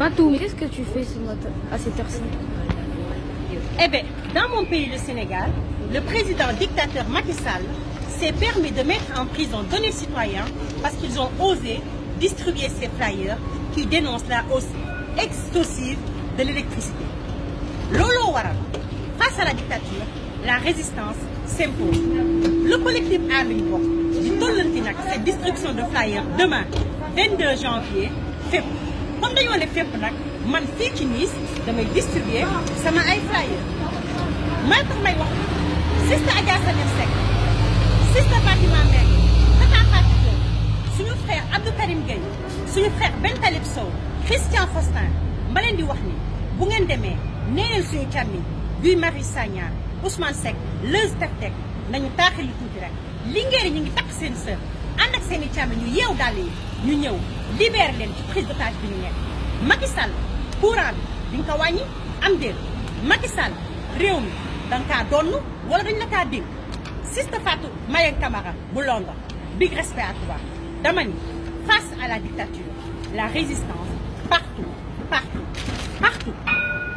Qu'est-ce que tu fais à cette heure-ci Eh bien, dans mon pays, le Sénégal, le président dictateur Macky Sall s'est permis de mettre en prison de citoyens parce qu'ils ont osé distribuer ces flyers qui dénoncent la hausse exhaustive de l'électricité. Lolo face à la dictature, la résistance s'impose. Le collectif Arlington du Tolentinac, cette destruction de flyers demain, 22 janvier, fait comme dañoo ne fépp nag man fi ci Nice damay distribuer sama ay flyers may tax may wax sister Adja Sadio Seck sista Fatima Mbengue Tata Fatou Sow suñu frère Abdou Karim Gueye suñu frère Ben Talib Sow Christian Faustin ma len di wax ni bu ngeen demé nee suñu càmmiñ Marie Sagna Ousmane Seck Leuz Teftec nañu taaxi lu rek li ngeen ñu ngi tak seen sœur seen i càmm ñu yeew dàll yi ñu ñëw libéré leen ci prise d'otage bi ñu nekk Macky Sall courant bi di nga ko wàññi am deer Macky Sall réew mi da nga donu wala dañ la ka Sista Fatou Camara bu londo big respect à toi dama face à la dictature la résistance partout